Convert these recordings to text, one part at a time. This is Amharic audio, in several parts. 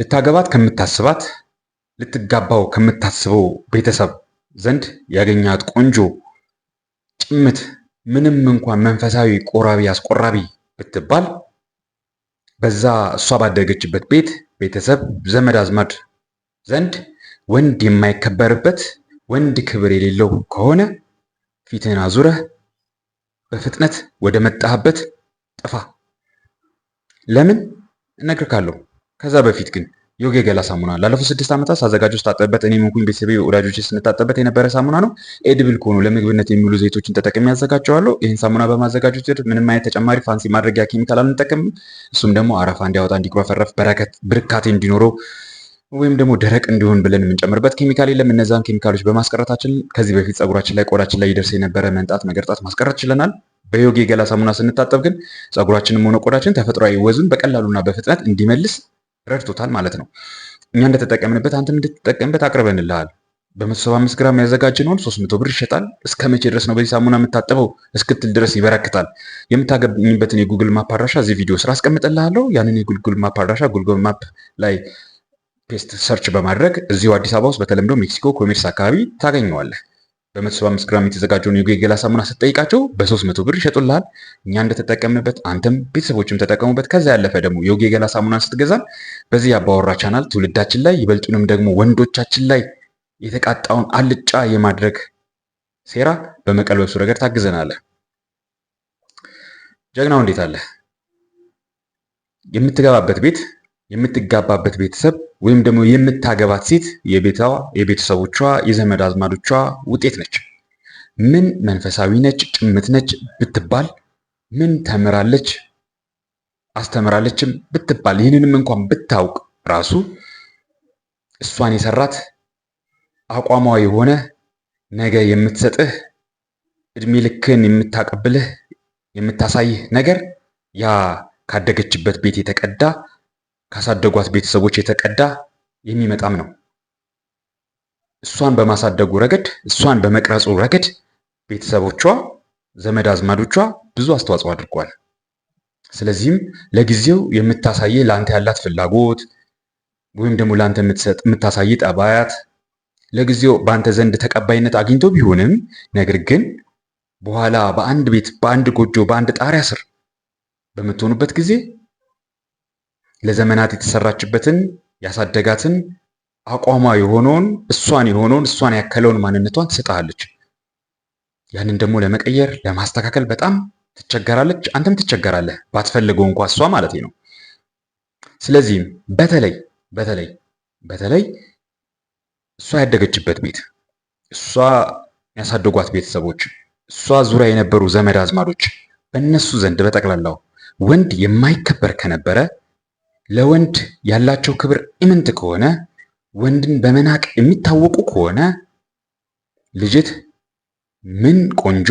ልታገባት ከምታስባት ልትጋባው ከምታስበው ቤተሰብ ዘንድ ያገኛት ቆንጆ ጭምት ምንም እንኳን መንፈሳዊ ቆራቢ አስቆራቢ ብትባል በዛ እሷ ባደገችበት ቤት ቤተሰብ፣ ዘመድ አዝማድ ዘንድ ወንድ የማይከበርበት ወንድ ክብር የሌለው ከሆነ ፊትህን አዙረህ በፍጥነት ወደ መጣህበት ጥፋ። ለምን እነግርካለሁ። ከዛ በፊት ግን ዮጊ የገላ ሳሙና ላለፉት ስድስት ዓመታት ሳዘጋጀው ስታጠብበት እኔም ሆንኩኝ ቤተሰቤ ወዳጆች ስንታጠብበት የነበረ ሳሙና ነው። ኤድብል ከሆኑ ለምግብነት የሚውሉ ዘይቶችን ተጠቅሜ ያዘጋጀዋለሁ። ይህን ሳሙና በማዘጋጀት ምንም አይነት ተጨማሪ ፋንሲ ማድረጊያ ኬሚካል አልንጠቀምም። እሱም ደግሞ አረፋ እንዲያወጣ እንዲኩረፈረፍ፣ በረከት ብርካቴ እንዲኖረው ወይም ደግሞ ደረቅ እንዲሆን ብለን የምንጨምርበት ኬሚካል የለም። እነዛን ኬሚካሎች በማስቀረታችን ከዚህ በፊት ጸጉራችን ላይ ቆዳችን ላይ ይደርስ የነበረ መንጣት፣ መገርጣት ማስቀረት ችለናል። በዮጊ የገላ ሳሙና ስንታጠብ ግን ጸጉራችንም ሆነ ቆዳችን ተፈጥሯዊ ወዙን በቀላሉና በፍጥነት እንዲመልስ ረድቶታል ማለት ነው። እኛ እንደተጠቀምንበት አንተም እንድትጠቀምበት አቅርበንልሃል። በመቶ ሰባ አምስት ግራም ያዘጋጀነውን ሶስት መቶ ብር ይሸጣል። እስከ መቼ ድረስ ነው በዚህ ሳሙና የምታጠበው እስክትል ድረስ ይበረክታል። የምታገኝበትን የጉግል ማፕ አድራሻ እዚህ ቪዲዮ ስራ አስቀምጥልሃለሁ። ያንን የጉግል ማፕ አድራሻ ጉግል ማፕ ላይ ፔስት ሰርች በማድረግ እዚሁ አዲስ አበባ ውስጥ በተለምዶ ሜክሲኮ ኮሜርስ አካባቢ ታገኘዋለህ። በ175 ግራም የተዘጋጀውን የጌላ ሳሙና ስትጠይቃቸው በ300 ብር ይሸጡልሃል። እኛ እንደተጠቀምንበት አንተም ቤተሰቦችም ተጠቀሙበት። ከዛ ያለፈ ደግሞ የጌላ ሳሙናን ስትገዛን በዚህ አባወራ ቻናል ትውልዳችን ላይ ይበልጡንም ደግሞ ወንዶቻችን ላይ የተቃጣውን አልጫ የማድረግ ሴራ በመቀልበሱ ረገድ ታግዘናለህ። ጀግናው እንዴት አለ የምትገባበት ቤት የምትጋባበት ቤተሰብ ወይም ደግሞ የምታገባት ሴት የቤተሰቦቿ የዘመድ አዝማዶቿ ውጤት ነች። ምን መንፈሳዊ ነች፣ ጭምት ነች ብትባል፣ ምን ተምራለች አስተምራለችም ብትባል፣ ይህንንም እንኳን ብታውቅ ራሱ እሷን የሰራት አቋሟ የሆነ ነገ የምትሰጥህ እድሜ ልክን የምታቀብልህ የምታሳይህ ነገር ያ ካደገችበት ቤት የተቀዳ ካሳደጓት ቤተሰቦች የተቀዳ የሚመጣም ነው። እሷን በማሳደጉ ረገድ፣ እሷን በመቅረጹ ረገድ ቤተሰቦቿ፣ ዘመድ አዝማዶቿ ብዙ አስተዋጽኦ አድርጓል። ስለዚህም ለጊዜው የምታሳየ ለአንተ ያላት ፍላጎት ወይም ደግሞ ለአንተ የምታሳይ ጠባያት ለጊዜው በአንተ ዘንድ ተቀባይነት አግኝቶ ቢሆንም ነገር ግን በኋላ በአንድ ቤት፣ በአንድ ጎጆ፣ በአንድ ጣሪያ ስር በምትሆኑበት ጊዜ ለዘመናት የተሰራችበትን ያሳደጋትን አቋሟ የሆነውን እሷን የሆነውን እሷን ያከለውን ማንነቷን ትሰጥሃለች። ያንን ደግሞ ለመቀየር ለማስተካከል በጣም ትቸገራለች፣ አንተም ትቸገራለህ፣ ባትፈልገው እንኳ እሷ ማለት ነው። ስለዚህም በተለይ በተለይ በተለይ እሷ ያደገችበት ቤት፣ እሷ ያሳደጓት ቤተሰቦች፣ እሷ ዙሪያ የነበሩ ዘመድ አዝማዶች፣ በእነሱ ዘንድ በጠቅላላው ወንድ የማይከበር ከነበረ ለወንድ ያላቸው ክብር ኢምንት ከሆነ ወንድን በመናቅ የሚታወቁ ከሆነ ልጅት ምን ቆንጆ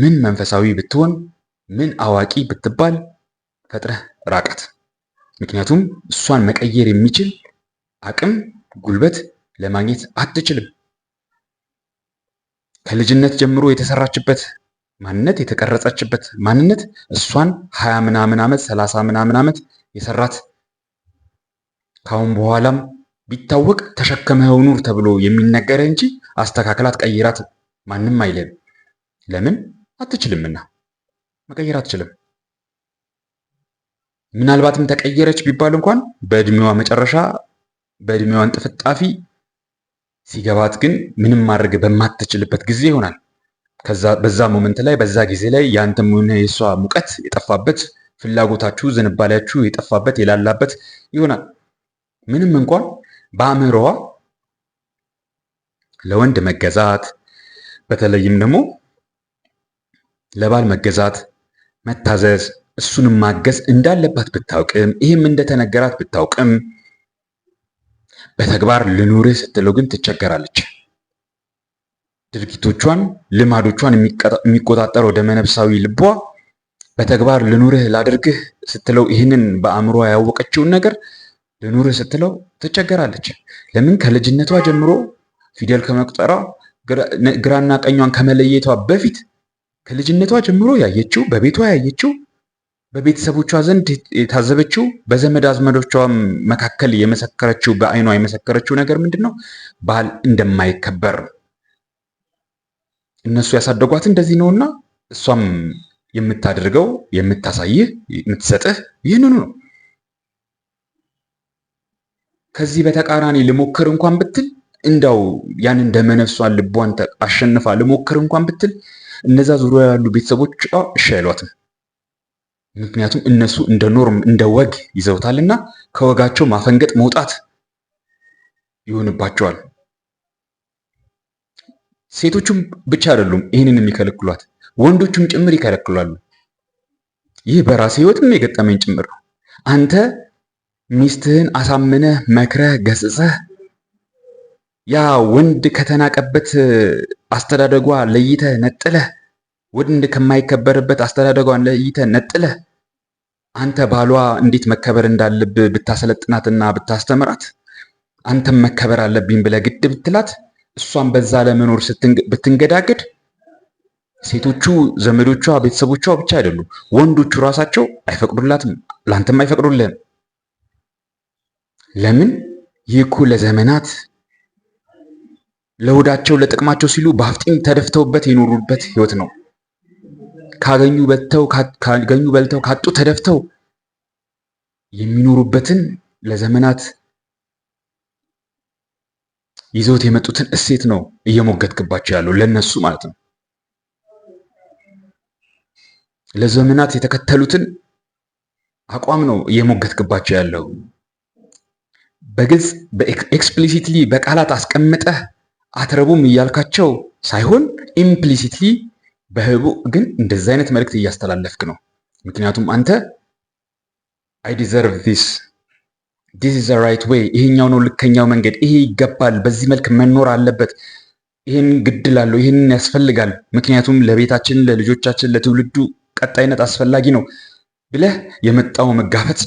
ምን መንፈሳዊ ብትሆን ምን አዋቂ ብትባል ፈጥረህ ራቃት። ምክንያቱም እሷን መቀየር የሚችል አቅም፣ ጉልበት ለማግኘት አትችልም። ከልጅነት ጀምሮ የተሰራችበት ማንነት የተቀረጸችበት ማንነት እሷን ሀያ ምናምን ዓመት ሰላሳ ምናምን ዓመት የሰራት ካሁን በኋላም ቢታወቅ ተሸከመኸው ኑር ተብሎ የሚነገረ እንጂ አስተካክላት ቀይራት ማንም አይልም። ለምን አትችልምና፣ መቀየር አትችልም። ምናልባትም ተቀየረች ቢባል እንኳን በእድሜዋ መጨረሻ በእድሜዋ እንጥፍጣፊ ሲገባት ግን ምንም ማድረግ በማትችልበት ጊዜ ይሆናል። በዛ ሞመንት ላይ በዛ ጊዜ ላይ የአንተም ሆነ የእሷ ሙቀት የጠፋበት፣ ፍላጎታችሁ ዝንባሌያችሁ የጠፋበት የላላበት ይሆናል። ምንም እንኳን በአእምሮዋ ለወንድ መገዛት በተለይም ደግሞ ለባል መገዛት፣ መታዘዝ፣ እሱንም ማገዝ እንዳለባት ብታውቅም ይህም እንደተነገራት ብታውቅም በተግባር ልኑርህ ስትለው ግን ትቸገራለች። ድርጊቶቿን፣ ልማዶቿን የሚቆጣጠረው ደመነፍሳዊ ልቧ በተግባር ልኑርህ ላድርግህ ስትለው ይህንን በአእምሮ ያወቀችውን ነገር ልኑር ስትለው ትቸገራለች። ለምን? ከልጅነቷ ጀምሮ ፊደል ከመቁጠሯ ግራና ቀኟን ከመለየቷ በፊት ከልጅነቷ ጀምሮ ያየችው በቤቷ ያየችው በቤተሰቦቿ ዘንድ የታዘበችው በዘመድ አዝመዶቿ መካከል የመሰከረችው በአይኗ የመሰከረችው ነገር ምንድን ነው? ባህል እንደማይከበር እነሱ ያሳደጓት እንደዚህ ነውና እሷም የምታደርገው የምታሳይህ የምትሰጥህ ይህንኑ ነው። ከዚህ በተቃራኒ ልሞክር እንኳን ብትል እንዳው ያንን ደመነፍሷን ልቧን አሸንፋ ልሞክር እንኳን ብትል እነዛ ዙሪያ ያሉ ቤተሰቦች እሺ አይሏትም። ምክንያቱም እነሱ እንደ ኖርም እንደ ወግ ይዘውታልና ከወጋቸው ማፈንገጥ መውጣት ይሆንባቸዋል። ሴቶቹም ብቻ አይደሉም ይህንን የሚከለክሏት፣ ወንዶቹም ጭምር ይከለክሏሉ። ይህ በራሴ ሕይወትም የገጠመኝ ጭምር ነው። አንተ ሚስትህን አሳምነህ መክረህ ገስጸህ ያ ወንድ ከተናቀበት አስተዳደጓ ለይተህ ነጥለህ ወንድ ከማይከበርበት አስተዳደጓ ለይተህ ነጥለህ አንተ ባሏ እንዴት መከበር እንዳለብህ ብታሰለጥናትና ብታስተምራት አንተም መከበር አለብኝ ብለህ ግድ ብትላት እሷን በዛ ለመኖር ብትንገዳገድ ሴቶቹ ዘመዶቿ፣ ቤተሰቦቿ ብቻ አይደሉም ወንዶቹ ራሳቸው አይፈቅዱላትም፣ ለአንተም አይፈቅዱልህም። ለምን ይህ እኮ ለዘመናት ለሆዳቸው ለጥቅማቸው ሲሉ በአፍጢም ተደፍተውበት የኖሩበት ህይወት ነው። ካገኙ በልተው ካገኙ በልተው ካጡ ተደፍተው የሚኖሩበትን ለዘመናት ይዘውት የመጡትን እሴት ነው እየሞገትክባቸው ያለው ለነሱ ማለት ነው። ለዘመናት የተከተሉትን አቋም ነው እየሞገትክባቸው ያለው። በግልጽ ኤክስፕሊሲትሊ በቃላት አስቀምጠህ አትረቡም እያልካቸው ሳይሆን ኢምፕሊሲትሊ በህቡ ግን እንደዚህ አይነት መልእክት እያስተላለፍክ ነው። ምክንያቱም አንተ አይ ዲዘርቭ ዲስ ዲስ ኢዝ ራይት ዌይ፣ ይሄኛው ነው ልከኛው መንገድ፣ ይሄ ይገባል፣ በዚህ መልክ መኖር አለበት፣ ይህን ግድላለሁ፣ ይህንን ያስፈልጋል፣ ምክንያቱም ለቤታችን፣ ለልጆቻችን፣ ለትውልዱ ቀጣይነት አስፈላጊ ነው ብለህ የመጣው መጋፈጥ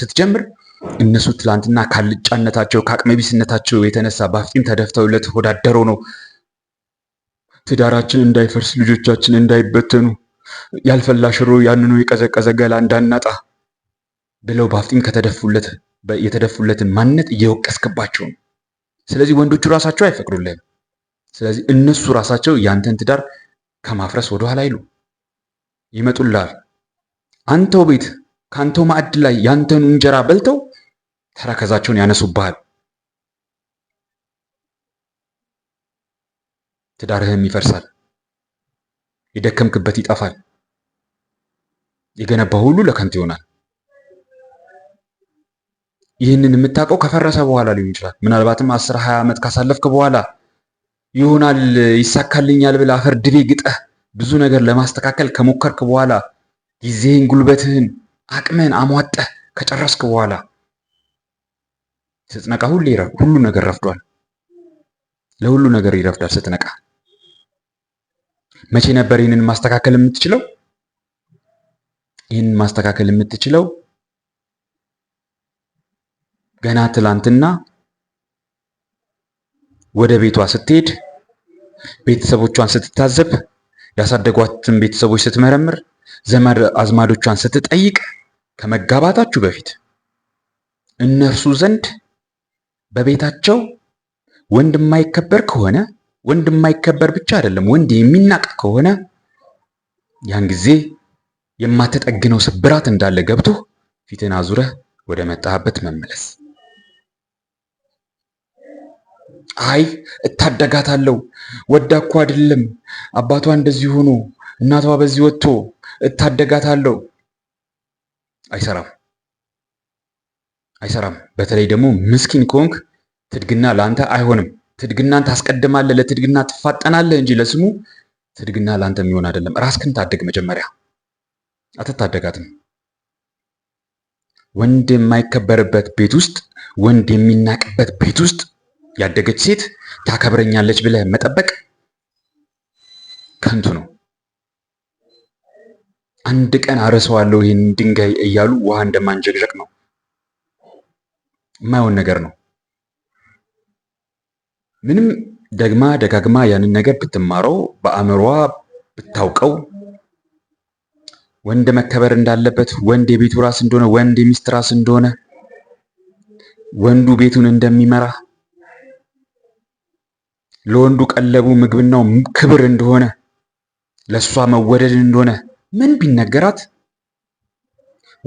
ስትጀምር እነሱ ትላንትና ካልጫነታቸው ከአቅመቢስነታቸው የተነሳ በአፍጢም ተደፍተው ወዳደሮ ነው። ትዳራችን እንዳይፈርስ ልጆቻችን እንዳይበተኑ ያልፈላ ሽሮ ያንኑ የቀዘቀዘ ገላ እንዳናጣ ብለው በአፍጢም ከተደፉለት የተደፉለትን ማንነት እየወቀስክባቸው ነው። ስለዚህ ወንዶቹ ራሳቸው አይፈቅዱልህም። ስለዚህ እነሱ ራሳቸው ያንተን ትዳር ከማፍረስ ወደኋላ አይሉ ይመጡላል። አንተው ቤት ከአንተው ማዕድ ላይ ያንተን እንጀራ በልተው ተረከዛቸውን ያነሱብሃል። ትዳርህም ይፈርሳል። የደከምክበት ይጠፋል። የገነባ ሁሉ ለከንቱ ይሆናል። ይህንን የምታውቀው ከፈረሰ በኋላ ሊሆን ይችላል። ምናልባትም አስር 2 ዓመት ካሳለፍክ በኋላ ይሆናል ይሳካልኛል አፈር ድቤ ግጠህ ብዙ ነገር ለማስተካከል ከሞከርክ በኋላ ጊዜህን፣ ጉልበትህን፣ አቅምህን አሟጠህ ከጨረስክ በኋላ ስትነቃ ሁሉ ሁሉ ነገር ረፍዷል። ለሁሉ ነገር ይረፍዳል ስትነቃ። መቼ ነበር ይህንን ማስተካከል የምትችለው? ይህንን ማስተካከል የምትችለው ገና ትላንትና ወደ ቤቷ ስትሄድ፣ ቤተሰቦቿን ስትታዘብ፣ ያሳደጓትን ቤተሰቦች ስትመረምር፣ ዘመድ አዝማዶቿን ስትጠይቅ ከመጋባታችሁ በፊት እነርሱ ዘንድ በቤታቸው ወንድ የማይከበር ከሆነ ወንድ የማይከበር ብቻ አይደለም፣ ወንድ የሚናቅ ከሆነ ያን ጊዜ የማትጠግነው ስብራት እንዳለ ገብቶ ፊትን አዙረህ ወደ መጣህበት መመለስ። አይ እታደጋታለሁ፣ ወዳ እኮ አይደለም አባቷ እንደዚህ ሆኖ እናቷ በዚህ ወጥቶ እታደጋታለሁ፣ አይሰራም። አይሰራም። በተለይ ደግሞ ምስኪን ከሆንክ ትድግና ለአንተ አይሆንም። ትድግናን ታስቀድማለህ፣ ለትድግና ትፋጠናለህ እንጂ ለስሙ ትድግና ለአንተ የሚሆን አይደለም። ራስክን ታደግ መጀመሪያ። አትታደጋትም። ወንድ የማይከበርበት ቤት ውስጥ፣ ወንድ የሚናቅበት ቤት ውስጥ ያደገች ሴት ታከብረኛለች ብለህ መጠበቅ ከንቱ ነው። አንድ ቀን አረሰዋለሁ ይህን ድንጋይ እያሉ ውሃ እንደማንጀግዠቅ ነው። የማይሆን ነገር ነው። ምንም ደግማ ደጋግማ ያንን ነገር ብትማረው በአእምሯ ብታውቀው ወንድ መከበር እንዳለበት፣ ወንድ የቤቱ ራስ እንደሆነ፣ ወንድ የሚስት ራስ እንደሆነ፣ ወንዱ ቤቱን እንደሚመራ፣ ለወንዱ ቀለቡ ምግብናው ክብር እንደሆነ፣ ለእሷ መወደድ እንደሆነ ምን ቢነገራት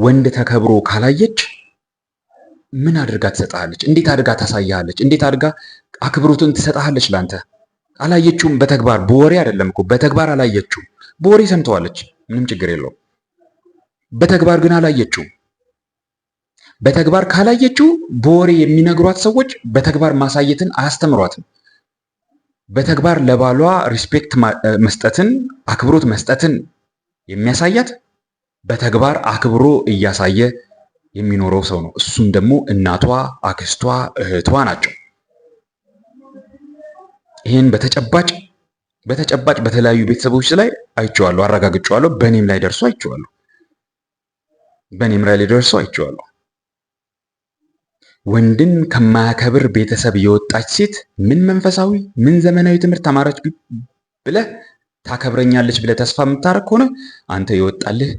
ወንድ ተከብሮ ካላየች ምን አድርጋ ትሰጥሃለች? እንዴት አድርጋ ታሳያለች? እንዴት አድርጋ አክብሮትን ትሰጥሃለች? ላንተ አላየችውም። በተግባር በወሬ አይደለም እኮ በተግባር አላየችውም። በወሬ ሰምተዋለች፣ ምንም ችግር የለውም። በተግባር ግን አላየችውም። በተግባር ካላየችው በወሬ የሚነግሯት ሰዎች በተግባር ማሳየትን አያስተምሯትም። በተግባር ለባሏ ሪስፔክት መስጠትን፣ አክብሮት መስጠትን የሚያሳያት በተግባር አክብሮ እያሳየ የሚኖረው ሰው ነው። እሱም ደግሞ እናቷ፣ አክስቷ፣ እህቷ ናቸው። ይህን በተጨባጭ በተጨባጭ በተለያዩ ቤተሰቦች ላይ አይቼዋለሁ፣ አረጋግጬዋለሁ። በእኔም ላይ ደርሶ አይቼዋለሁ። በእኔም ላይ ደርሶ አይቼዋለሁ። ወንድን ከማያከብር ቤተሰብ የወጣች ሴት ምን መንፈሳዊ ምን ዘመናዊ ትምህርት ተማረች ብለህ ታከብረኛለች ብለህ ተስፋ የምታደርግ ከሆነ አንተ የወጣልህ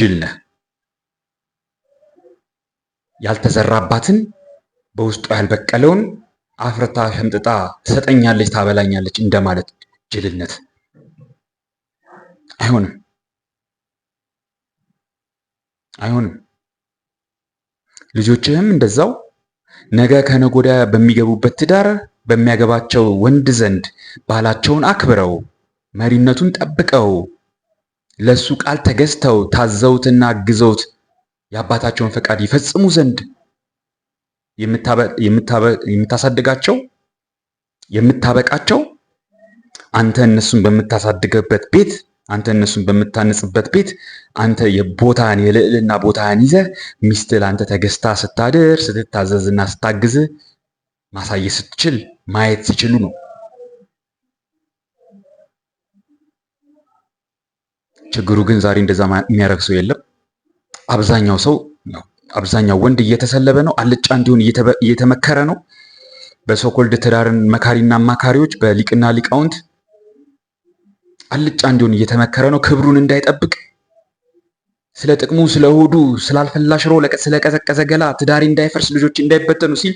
ጅል ነህ። ያልተዘራባትን በውስጡ ያልበቀለውን አፍርታ ሸምጥጣ ትሰጠኛለች፣ ታበላኛለች እንደማለት ጅልነት አይሆንም፣ አይሆንም። ልጆችህም እንደዛው ነገ ከነጎዳ በሚገቡበት ትዳር በሚያገባቸው ወንድ ዘንድ ባህላቸውን አክብረው መሪነቱን ጠብቀው ለሱ ቃል ተገዝተው ታዘውትና አግዘውት የአባታቸውን ፈቃድ ይፈጽሙ ዘንድ የምታሳድጋቸው የምታበቃቸው አንተ እነሱን በምታሳድገበት ቤት አንተ እነሱን በምታነጽበት ቤት አንተ የቦታን የልዕልና ቦታን ይዘ ሚስት ለአንተ ተገዝታ ስታድር ስትታዘዝና ስታግዝ ማሳየት ስትችል ማየት ሲችሉ ነው። ችግሩ ግን ዛሬ እንደዛ የሚያደርግ ሰው የለም። አብዛኛው ሰው አብዛኛው ወንድ እየተሰለበ ነው። አልጫ እንዲሆን እየተመከረ ነው። በሶኮልድ ትዳርን መካሪና አማካሪዎች፣ በሊቅና ሊቃውንት አልጫ እንዲሆን እየተመከረ ነው። ክብሩን እንዳይጠብቅ ስለ ጥቅሙ፣ ስለ ሆዱ፣ ስላልፈላ ሽሮ፣ ስለ ቀዘቀዘ ገላ ትዳሪ እንዳይፈርስ፣ ልጆች እንዳይበተኑ ሲል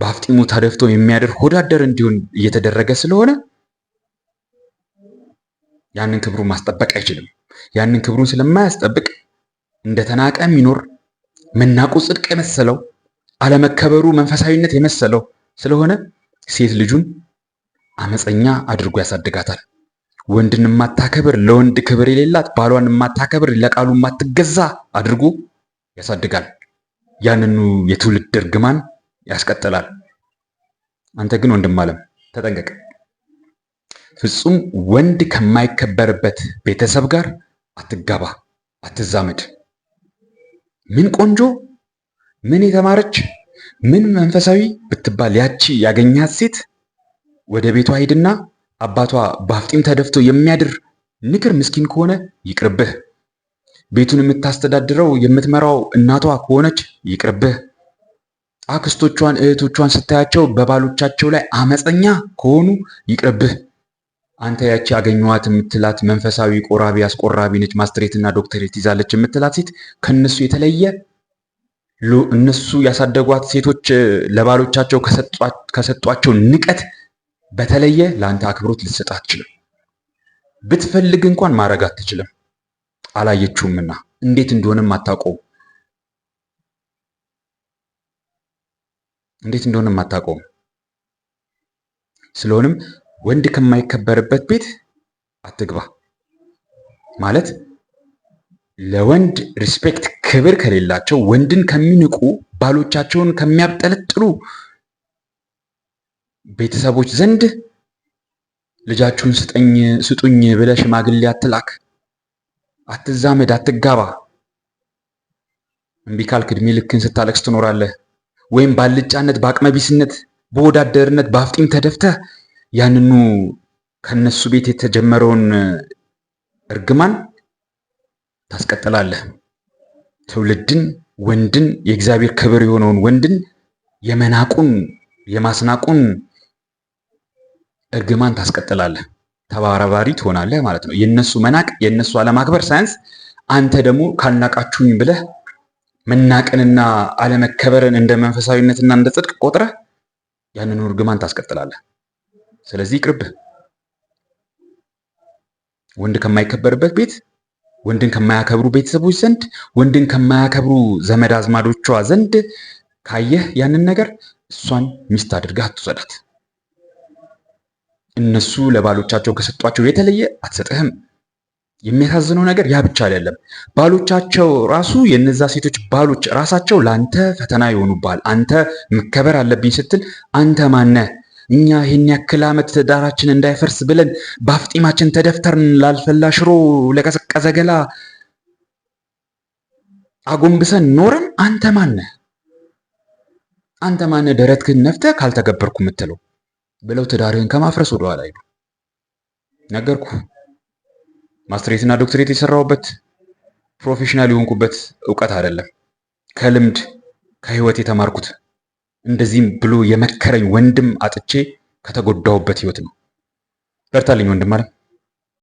በአፍጢሙ ተደፍቶ የሚያደር ሆዳደር እንዲሆን እየተደረገ ስለሆነ ያንን ክብሩን ማስጠበቅ አይችልም። ያንን ክብሩን ስለማያስጠብቅ እንደተናቀ የሚኖር መናቁ ጽድቅ የመሰለው አለመከበሩ መንፈሳዊነት የመሰለው ስለሆነ ሴት ልጁን አመፀኛ አድርጎ ያሳድጋታል። ወንድን የማታከብር ለወንድ ክብር የሌላት ባሏን የማታከብር ለቃሉ የማትገዛ አድርጎ ያሳድጋል። ያንኑ የትውልድ እርግማን ያስቀጥላል። አንተ ግን ወንድም አለም ተጠንቀቅ። ፍጹም ወንድ ከማይከበርበት ቤተሰብ ጋር አትጋባ፣ አትዛመድ። ምን ቆንጆ ምን የተማረች ምን መንፈሳዊ ብትባል ያቺ ያገኛት ሴት ወደ ቤቷ ሂድና አባቷ በአፍጢም ተደፍቶ የሚያድር ንክር ምስኪን ከሆነ ይቅርብህ። ቤቱን የምታስተዳድረው የምትመራው እናቷ ከሆነች ይቅርብህ። አክስቶቿን እህቶቿን ስታያቸው በባሎቻቸው ላይ አመፀኛ ከሆኑ ይቅርብህ። አንተ ያቺ ያገኘዋት የምትላት መንፈሳዊ ቆራቢ አስቆራቢ ነች፣ ማስትሬትና ዶክተሬት ይዛለች የምትላት ሴት ከእነሱ የተለየ እነሱ ያሳደጓት ሴቶች ለባሎቻቸው ከሰጧቸው ንቀት በተለየ ለአንተ አክብሮት ልትሰጥ አትችልም። ብትፈልግ እንኳን ማድረግ አትችልም። አላየችውምና እንዴት እንደሆነም አታውቀውም። እንዴት እንደሆነም አታውቀውም። ስለሆነም ወንድ ከማይከበርበት ቤት አትግባ ማለት ለወንድ ሪስፔክት ክብር ከሌላቸው ወንድን ከሚንቁ ባሎቻቸውን ከሚያብጠለጥሉ ቤተሰቦች ዘንድ ልጃችሁን ስጠኝ ስጡኝ ብለ ሽማግሌ አትላክ፣ አትዛመድ፣ አትጋባ። እምቢ ካልክ እድሜ ልክን ስታለቅስ ትኖራለህ። ወይም ባልጫነት፣ በአቅመቢስነት፣ በወዳደርነት፣ በአፍጢም ተደፍተህ ያንኑ ከነሱ ቤት የተጀመረውን እርግማን ታስቀጥላለህ። ትውልድን ወንድን የእግዚአብሔር ክብር የሆነውን ወንድን የመናቁን የማስናቁን እርግማን ታስቀጥላለህ። ተባራባሪ ትሆናለህ ማለት ነው። የእነሱ መናቅ የእነሱ አለማክበር ሳይንስ አንተ ደግሞ ካልናቃችሁኝ ብለህ መናቅንና አለመከበርን እንደ መንፈሳዊነትና እንደ ጽድቅ ቆጥረህ ያንኑ እርግማን ታስቀጥላለህ። ስለዚህ ቅርብ ወንድ ከማይከበርበት ቤት፣ ወንድን ከማያከብሩ ቤተሰቦች ዘንድ፣ ወንድን ከማያከብሩ ዘመድ አዝማዶቿ ዘንድ ካየህ ያንን ነገር እሷን ሚስት አድርገህ አትውሰዳት። እነሱ ለባሎቻቸው ከሰጧቸው የተለየ አትሰጥህም። የሚያሳዝነው ነገር ያ ብቻ አይደለም። ባሎቻቸው ራሱ የነዛ ሴቶች ባሎች ራሳቸው ለአንተ ፈተና ይሆኑብሃል። አንተ መከበር አለብኝ ስትል አንተ ማነህ እኛ ይህን ያክል ዓመት ዳራችን እንዳይፈርስ ብለን በአፍጢማችን ተደፍተርን ላልፈላ ሽሮ ለቀዘቀዘ ገላ አጎንብሰን ኖረን አንተ ማነህ አንተ ማነ ደረትክን ነፍተ ካልተገበርኩ የምትለው ብለው ትዳርህን ከማፍረስ ወደኋላ ይሉ ነገርኩ ማስትሬትና ዶክትሬት የሰራሁበት ፕሮፌሽናል የሆንኩበት እውቀት አይደለም፣ ከልምድ ከህይወት የተማርኩት እንደዚህም ብሎ የመከረኝ ወንድም አጥቼ ከተጎዳሁበት ህይወት ነው። በርታልኝ ወንድም አለም።